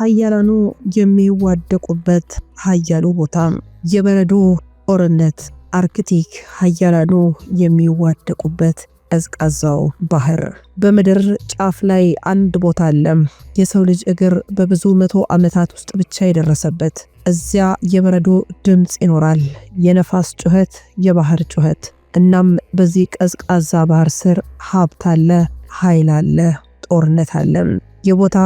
ሀያላኑ የሚዋደቁበት ሀያሉ ቦታ የበረዶ ጦርነት አርክቲክ ሀያላኑ የሚዋደቁበት ቀዝቃዛው ባህር በምድር ጫፍ ላይ አንድ ቦታ አለ፣ የሰው ልጅ እግር በብዙ መቶ ዓመታት ውስጥ ብቻ የደረሰበት። እዚያ የበረዶ ድምፅ ይኖራል፣ የነፋስ ጩኸት፣ የባህር ጩኸት። እናም በዚህ ቀዝቃዛ ባህር ስር ሀብት አለ፣ ኃይል አለ፣ ጦርነት አለ። የቦታ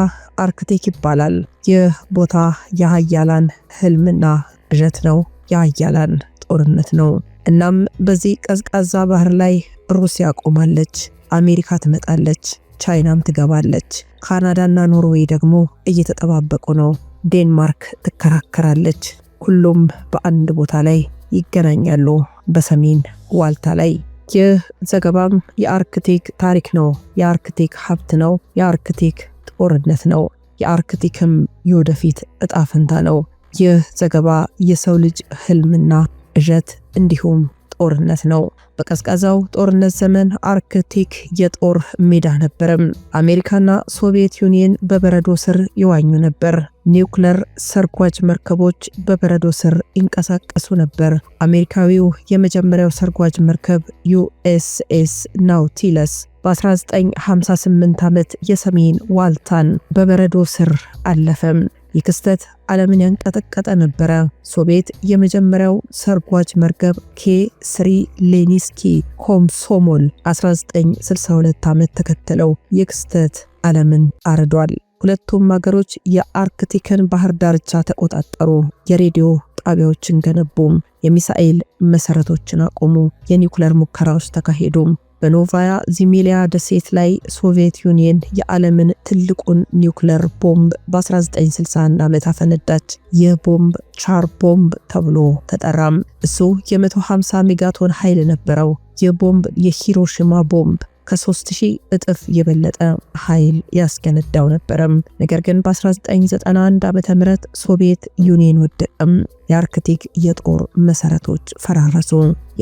አርክቴክ ይባላል። ይህ ቦታ የሀያላን ህልምና ብዠት ነው፣ የሀያላን ጦርነት ነው። እናም በዚህ ቀዝቃዛ ባህር ላይ ሩሲያ ቆማለች፣ አሜሪካ ትመጣለች፣ ቻይናም ትገባለች። ካናዳና ኖርዌይ ደግሞ እየተጠባበቁ ነው። ዴንማርክ ትከራከራለች። ሁሉም በአንድ ቦታ ላይ ይገናኛሉ፣ በሰሜን ዋልታ ላይ። ይህ ዘገባም የአርክቴክ ታሪክ ነው፣ የአርክቴክ ሀብት ነው፣ የአርክቴክ ጦርነት ነው፣ የአርክቲክም የወደፊት እጣ ፈንታ ነው። ይህ ዘገባ የሰው ልጅ ህልምና እዠት እንዲሁም ጦርነት ነው። በቀዝቃዛው ጦርነት ዘመን አርክቲክ የጦር ሜዳ ነበርም። አሜሪካና ሶቪየት ዩኒየን በበረዶ ስር ይዋኙ ነበር። ኒውክለር ሰርጓጅ መርከቦች በበረዶ ስር ይንቀሳቀሱ ነበር። አሜሪካዊው የመጀመሪያው ሰርጓጅ መርከብ ዩኤስኤስ ናውቲለስ በ1958 ዓመት የሰሜን ዋልታን በበረዶ ስር አለፈም። ይህ ክስተት ዓለምን ያንቀጠቀጠ ነበረ። ሶቪየት የመጀመሪያው ሰርጓጅ መርከብ ኬ ስሪ ሌኒስኪ ኮምሶሞል 1962 ዓመት ተከተለው። ይህ ክስተት ዓለምን አርዷል። ሁለቱም አገሮች የአርክቲክን ባህር ዳርቻ ተቆጣጠሩ። የሬዲዮ ጣቢያዎችን ገነቡ። የሚሳኤል መሰረቶችን አቆሙ። የኒውክለር ሙከራዎች ተካሄዱም። በኖቫያ ዚሚሊያ ደሴት ላይ ሶቪየት ዩኒየን የዓለምን ትልቁን ኒውክለር ቦምብ በ1961 ዓመት አፈነዳች። ይህ ቦምብ ቻር ቦምብ ተብሎ ተጠራም። እሱ የ150 ሜጋቶን ኃይል ነበረው። የቦምብ የሂሮሽማ ቦምብ ከ3000 እጥፍ የበለጠ ኃይል ያስገነዳው ነበረም። ነገር ግን በ1991 ም ሶቪየት ዩኒየን ወደቀም። የአርክቲክ የጦር መሰረቶች ፈራረሱ።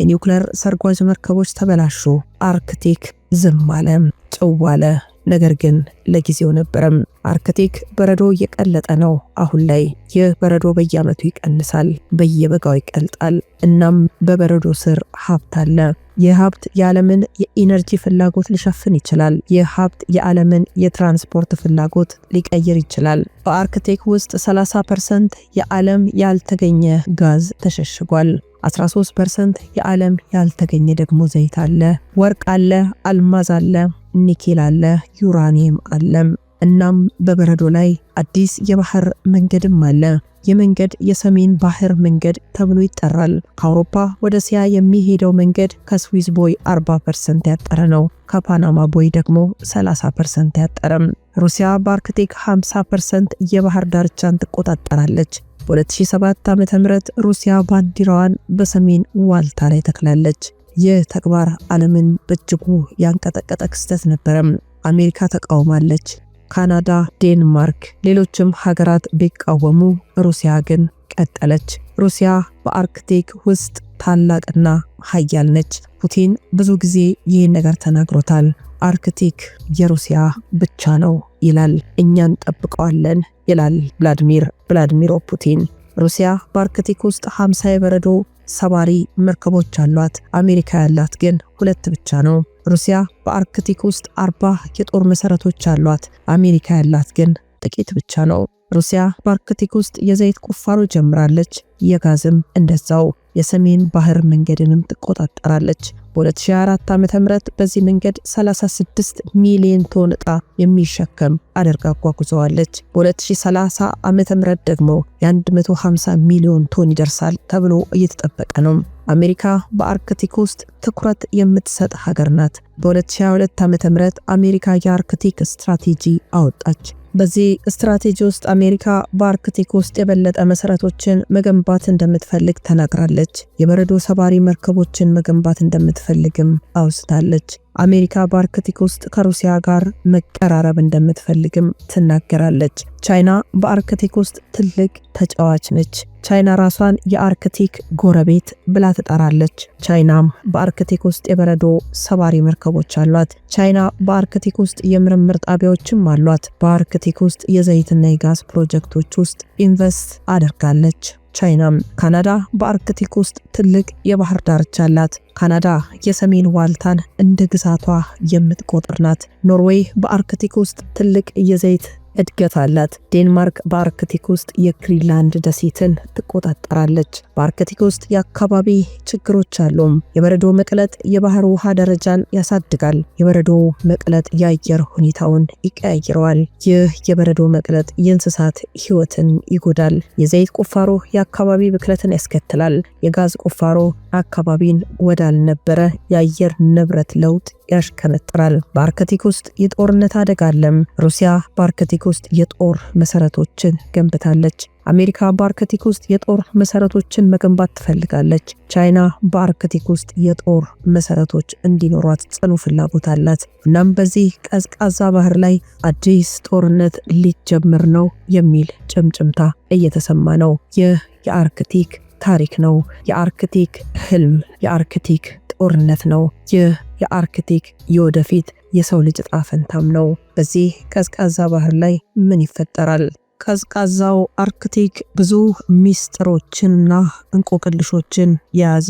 የኒውክለር ሰርጓጅ መርከቦች ተበላሹ። አርክቲክ ዝም አለ፣ ጭው አለ። ነገር ግን ለጊዜው ነበረም አርክቲክ በረዶ እየቀለጠ ነው አሁን ላይ። ይህ በረዶ በየዓመቱ ይቀንሳል፣ በየበጋው ይቀልጣል። እናም በበረዶ ስር ሀብት አለ። ይህ ሀብት የዓለምን የኢነርጂ ፍላጎት ሊሸፍን ይችላል። ይህ ሀብት የዓለምን የትራንስፖርት ፍላጎት ሊቀይር ይችላል። በአርክቲክ ውስጥ 30 ፐርሰንት የዓለም ያልተገኘ ጋዝ ተሸሽጓል። 13 ፐርሰንት የዓለም ያልተገኘ ደግሞ ዘይት አለ፣ ወርቅ አለ፣ አልማዝ አለ፣ ኒኬል አለ፣ ዩራኒየም አለም እናም በበረዶ ላይ አዲስ የባህር መንገድም አለ። የመንገድ የሰሜን ባህር መንገድ ተብሎ ይጠራል። ከአውሮፓ ወደ እስያ የሚሄደው መንገድ ከስዊዝ ቦይ 40% ያጠረ ነው። ከፓናማ ቦይ ደግሞ 30% ያጠረም። ሩሲያ በአርክቲክ 50% የባህር ዳርቻን ትቆጣጠራለች። በ2007 ዓ.ም ሩሲያ ባንዲራዋን በሰሜን ዋልታ ላይ ተክላለች። ይህ ተግባር ዓለምን በእጅጉ ያንቀጠቀጠ ክስተት ነበረም። አሜሪካ ተቃውማለች። ካናዳ፣ ዴንማርክ፣ ሌሎችም ሀገራት ቢቃወሙ ሩሲያ ግን ቀጠለች። ሩሲያ በአርክቲክ ውስጥ ታላቅና ሀያል ነች። ፑቲን ብዙ ጊዜ ይህን ነገር ተናግሮታል። አርክቲክ የሩሲያ ብቻ ነው ይላል። እኛን ጠብቀዋለን ይላል ቭላድሚር ቭላድሚሮ ፑቲን። ሩሲያ በአርክቲክ ውስጥ 50 የበረዶ ሰባሪ መርከቦች አሏት። አሜሪካ ያላት ግን ሁለት ብቻ ነው። ሩሲያ በአርክቲክ ውስጥ አርባ የጦር መሰረቶች አሏት። አሜሪካ ያላት ግን ጥቂት ብቻ ነው። ሩሲያ በአርክቲክ ውስጥ የዘይት ቁፋሮ ጀምራለች፣ የጋዝም እንደዛው። የሰሜን ባህር መንገድንም ትቆጣጠራለች። በ2004 ዓ ም በዚህ መንገድ 36 ሚሊዮን ቶን ዕቃ የሚሸከም አድርጋ አጓጉዘዋለች። በ2030 ዓ ም ደግሞ የ150 ሚሊዮን ቶን ይደርሳል ተብሎ እየተጠበቀ ነው። አሜሪካ በአርክቲክ ውስጥ ትኩረት የምትሰጥ ሀገር ናት። በ2022 ዓ ም አሜሪካ የአርክቲክ ስትራቴጂ አወጣች። በዚህ ስትራቴጂ ውስጥ አሜሪካ በአርክቲክ ውስጥ የበለጠ መሰረቶችን መገንባት እንደምትፈልግ ተናግራለች። የበረዶ ሰባሪ መርከቦችን መገንባት እንደምትፈልግም አውስታለች። አሜሪካ በአርክቲክ ውስጥ ከሩሲያ ጋር መቀራረብ እንደምትፈልግም ትናገራለች። ቻይና በአርክቲክ ውስጥ ትልቅ ተጫዋች ነች። ቻይና ራሷን የአርክቲክ ጎረቤት ብላ ትጠራለች። ቻይናም በአርክቲክ ውስጥ የበረዶ ሰባሪ መርከቦች አሏት። ቻይና በአርክቲክ ውስጥ የምርምር ጣቢያዎችም አሏት። በአርክቲክ ውስጥ የዘይትና የጋዝ ፕሮጀክቶች ውስጥ ኢንቨስት አድርጋለች። ቻይናም ካናዳ በአርክቲክ ውስጥ ትልቅ የባህር ዳርቻ አላት። ካናዳ የሰሜን ዋልታን እንደ ግዛቷ የምትቆጥር ናት። ኖርዌይ በአርክቲክ ውስጥ ትልቅ የዘይት እድገት አላት። ዴንማርክ በአርክቲክ ውስጥ የግሪንላንድ ደሴትን ትቆጣጠራለች። በአርክቲክ ውስጥ የአካባቢ ችግሮች አሉም። የበረዶ መቅለጥ የባህር ውሃ ደረጃን ያሳድጋል። የበረዶ መቅለጥ የአየር ሁኔታውን ይቀያይረዋል። ይህ የበረዶ መቅለጥ የእንስሳት ህይወትን ይጎዳል። የዘይት ቁፋሮ የአካባቢ ብክለትን ያስከትላል። የጋዝ ቁፋሮ አካባቢን ወዳልነበረ የአየር ንብረት ለውጥ ያሽከነጥራል። በአርክቲክ ውስጥ የጦርነት አደጋ አለም። ሩሲያ በአርክቲክ ውስጥ የጦር መሰረቶችን ገንብታለች። አሜሪካ በአርክቲክ ውስጥ የጦር መሰረቶችን መገንባት ትፈልጋለች። ቻይና በአርክቲክ ውስጥ የጦር መሰረቶች እንዲኖሯት ጽኑ ፍላጎት አላት። እናም በዚህ ቀዝቃዛ ባህር ላይ አዲስ ጦርነት ሊጀምር ነው የሚል ጭምጭምታ እየተሰማ ነው። ይህ የአርክቲክ ታሪክ ነው። የአርክቲክ ህልም፣ የአርክቲክ ጦርነት ነው። ይህ የአርክቲክ የወደፊት የሰው ልጅ ጣፈንታም ፈንታም ነው። በዚህ ቀዝቃዛ ባህር ላይ ምን ይፈጠራል? ቀዝቃዛው አርክቲክ ብዙ ሚስጥሮችንና እንቆቅልሾችን የያዘ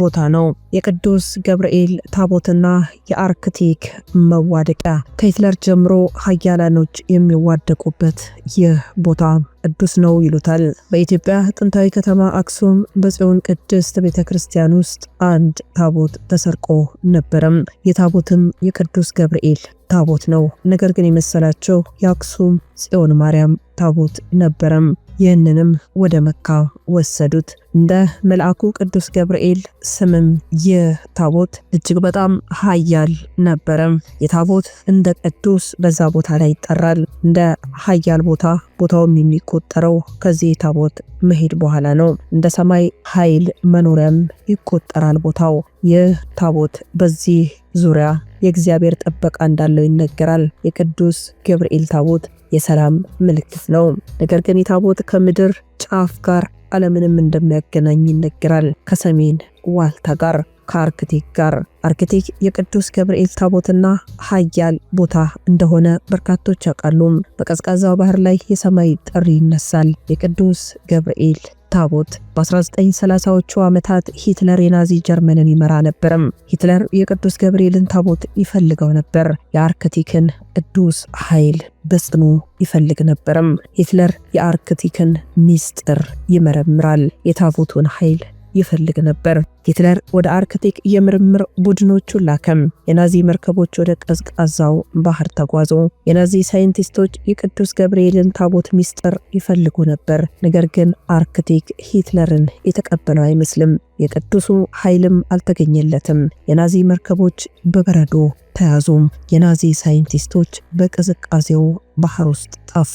ቦታ ነው። የቅዱስ ገብርኤል ታቦትና የአርክቲክ መዋደቂያ ከሂትለር ጀምሮ ሀያላኖች የሚዋደቁበት ይህ ቦታ ቅዱስ ነው ይሉታል። በኢትዮጵያ ጥንታዊ ከተማ አክሱም በጽዮን ቅድስት ቤተ ክርስቲያን ውስጥ አንድ ታቦት ተሰርቆ ነበረም። የታቦትም የቅዱስ ገብርኤል ታቦት ነው። ነገር ግን የመሰላቸው የአክሱም ጽዮን ማርያም ታቦት ነበረም። ይህንንም ወደ መካ ወሰዱት። እንደ መልአኩ ቅዱስ ገብርኤል ስምም ይህ ታቦት እጅግ በጣም ኃያል ነበረም። የታቦት እንደ ቅዱስ በዛ ቦታ ላይ ይጠራል። እንደ ኃያል ቦታ ቦታውም የሚቆጠረው ከዚህ ታቦት መሄድ በኋላ ነው። እንደ ሰማይ ኃይል መኖሪያም ይቆጠራል ቦታው። ይህ ታቦት በዚህ ዙሪያ የእግዚአብሔር ጥበቃ እንዳለው ይነገራል። የቅዱስ ገብርኤል ታቦት የሰላም ምልክት ነው። ነገር ግን የታቦት ከምድር ጫፍ ጋር ዓለምንም እንደሚያገናኝ ይነገራል። ከሰሜን ዋልታ ጋር ከአርክቴክ ጋር አርክቴክ የቅዱስ ገብርኤል ታቦትና ሀያል ቦታ እንደሆነ በርካቶች ያውቃሉ። በቀዝቃዛው ባህር ላይ የሰማይ ጥሪ ይነሳል። የቅዱስ ገብርኤል ታቦት በ1930ዎቹ ዓመታት ሂትለር የናዚ ጀርመንን ይመራ ነበርም። ሂትለር የቅዱስ ገብርኤልን ታቦት ይፈልገው ነበር። የአርክቲክን ቅዱስ ኃይል በጽኑ ይፈልግ ነበርም። ሂትለር የአርክቲክን ሚስጥር ይመረምራል። የታቦቱን ኃይል ይፈልግ ነበር። ሂትለር ወደ አርክቲክ የምርምር ቡድኖቹን ላከም። የናዚ መርከቦች ወደ ቀዝቃዛው ባህር ተጓዙ። የናዚ ሳይንቲስቶች የቅዱስ ገብርኤልን ታቦት ሚስጥር ይፈልጉ ነበር። ነገር ግን አርክቲክ ሂትለርን የተቀበለው አይመስልም። የቅዱሱ ኃይልም አልተገኘለትም። የናዚ መርከቦች በበረዶ ተያዙ የናዚ ሳይንቲስቶች በቅዝቃዜው ባህር ውስጥ ጠፉ።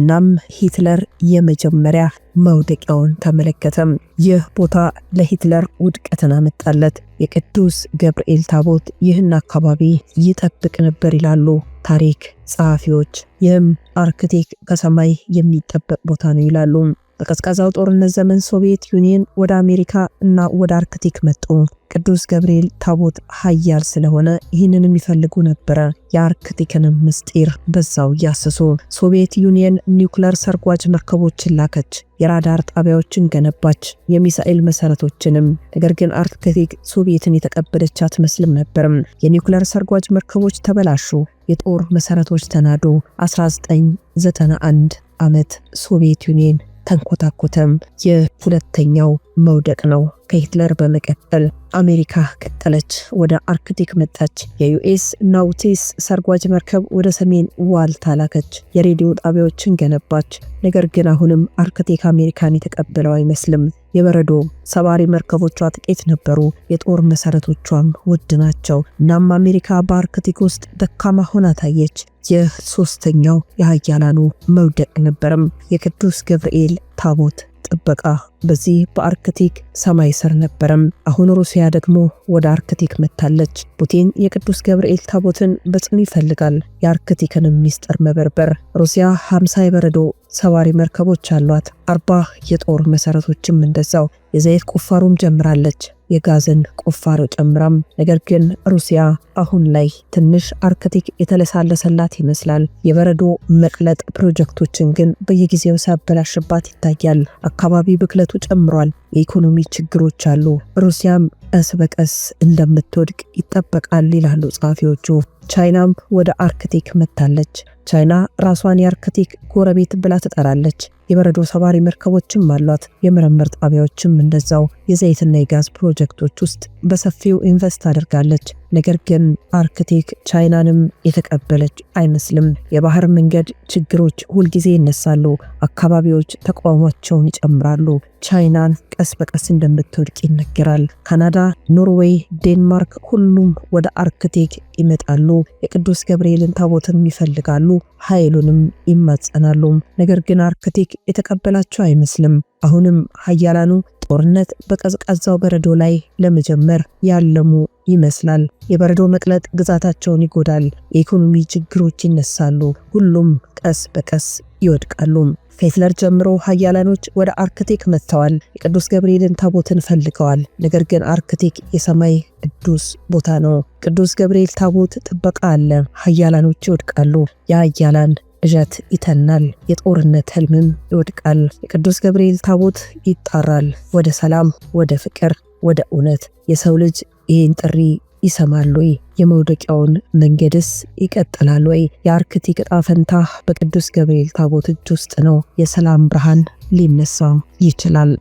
እናም ሂትለር የመጀመሪያ መውደቂያውን ተመለከተም። ይህ ቦታ ለሂትለር ውድቀትን አመጣለት። የቅዱስ ገብርኤል ታቦት ይህን አካባቢ ይጠብቅ ነበር ይላሉ ታሪክ ጸሐፊዎች። ይህም አርክቴክ ከሰማይ የሚጠበቅ ቦታ ነው ይላሉ። በቀዝቃዛው ጦርነት ዘመን ሶቪየት ዩኒየን ወደ አሜሪካ እና ወደ አርክቲክ መጡ። ቅዱስ ገብርኤል ታቦት ኃያል ስለሆነ ይህንን የሚፈልጉ ነበረ። የአርክቲክንም ምስጢር በዛው እያሰሱ ሶቪየት ዩኒየን ኒውክለር ሰርጓጅ መርከቦችን ላከች፣ የራዳር ጣቢያዎችን ገነባች፣ የሚሳኤል መሰረቶችንም። ነገር ግን አርክቲክ ሶቪየትን የተቀበለች አትመስልም ነበርም። የኒውክለር ሰርጓጅ መርከቦች ተበላሹ፣ የጦር መሰረቶች ተናዱ። 1991 ዓመት ሶቪየት ዩኒየን ተንኮታኮተም። ይህ ሁለተኛው መውደቅ ነው። ከሂትለር በመቀጠል አሜሪካ ቀጠለች፣ ወደ አርክቲክ መጣች። የዩኤስ ናውቲስ ሰርጓጅ መርከብ ወደ ሰሜን ዋልታ ላከች፣ የሬዲዮ ጣቢያዎችን ገነባች። ነገር ግን አሁንም አርክቲክ አሜሪካን የተቀበለው አይመስልም። የበረዶ ሰባሪ መርከቦቿ ጥቂት ነበሩ፣ የጦር መሰረቶቿም ውድ ናቸው። እናም አሜሪካ በአርክቲክ ውስጥ ደካማ ሆና ታየች። ይህ ሶስተኛው የሀያላኑ መውደቅ ነበርም። የቅዱስ ገብርኤል ታቦት ጥበቃ በዚህ በአርክቲክ ሰማይ ስር ነበረም። አሁን ሩሲያ ደግሞ ወደ አርክቲክ መታለች። ፑቲን የቅዱስ ገብርኤል ታቦትን በጽኑ ይፈልጋል። የአርክቲክንም ሚስጥር መበርበር ሩሲያ 50 በረዶ ሰባሪ መርከቦች አሏት። አርባ የጦር መሰረቶችም እንደዛው። የዘይት ቁፋሮም ጀምራለች፣ የጋዝን ቁፋሮ ጨምራም። ነገር ግን ሩሲያ አሁን ላይ ትንሽ አርክቲክ የተለሳለሰላት ይመስላል። የበረዶ መቅለጥ ፕሮጀክቶችን ግን በየጊዜው ሲያበላሽባት ይታያል። አካባቢ ብክለቱ ጨምሯል። የኢኮኖሚ ችግሮች አሉ። ሩሲያም ቀስ በቀስ እንደምትወድቅ ይጠበቃል ይላሉ ጸሐፊዎቹ። ቻይናም ወደ አርክቲክ መታለች። ቻይና ራሷን የአርክቲክ ጎረቤት ብላ ትጠራለች። የበረዶ ሰባሪ መርከቦችም አሏት። የምርምር ጣቢያዎችም እንደዛው የዘይትና የጋዝ ፕሮጀክቶች ውስጥ በሰፊው ኢንቨስት አድርጋለች። ነገር ግን አርክቲክ ቻይናንም የተቀበለች አይመስልም። የባህር መንገድ ችግሮች ሁልጊዜ ይነሳሉ። አካባቢዎች ተቃውሟቸውን ይጨምራሉ። ቻይናን ቀስ በቀስ እንደምትወድቅ ይነገራል። ካናዳ፣ ኖርዌይ፣ ዴንማርክ ሁሉም ወደ አርክቲክ ይመጣሉ። የቅዱስ ገብርኤልን ታቦትም ይፈልጋሉ። ኃይሉንም ይማጸናሉ። ነገር ግን አርክቴክ የተቀበላቸው አይመስልም። አሁንም ሀያላኑ ጦርነት በቀዝቃዛው በረዶ ላይ ለመጀመር ያለሙ ይመስላል። የበረዶ መቅለጥ ግዛታቸውን ይጎዳል። የኢኮኖሚ ችግሮች ይነሳሉ። ሁሉም ቀስ በቀስ ይወድቃሉ። ከሂትለር ጀምሮ ሀያላኖች ወደ አርክቴክ መጥተዋል። የቅዱስ ገብርኤልን ታቦትን ፈልገዋል። ነገር ግን አርክቴክ የሰማይ ቅዱስ ቦታ ነው። ቅዱስ ገብርኤል ታቦት ጥበቃ አለ። ሀያላኖች ይወድቃሉ። የሀያላን እዣት ይተናል፣ የጦርነት ህልምም ይወድቃል። የቅዱስ ገብርኤል ታቦት ይጣራል ወደ ሰላም፣ ወደ ፍቅር፣ ወደ እውነት። የሰው ልጅ ይህን ጥሪ ይሰማል ወይ? የመውደቂያውን መንገድስ ይቀጥላል ወይ? የአርክቲክ ዕጣ ፈንታ በቅዱስ ገብርኤል ታቦት እጅ ውስጥ ነው። የሰላም ብርሃን ሊነሳ ይችላል።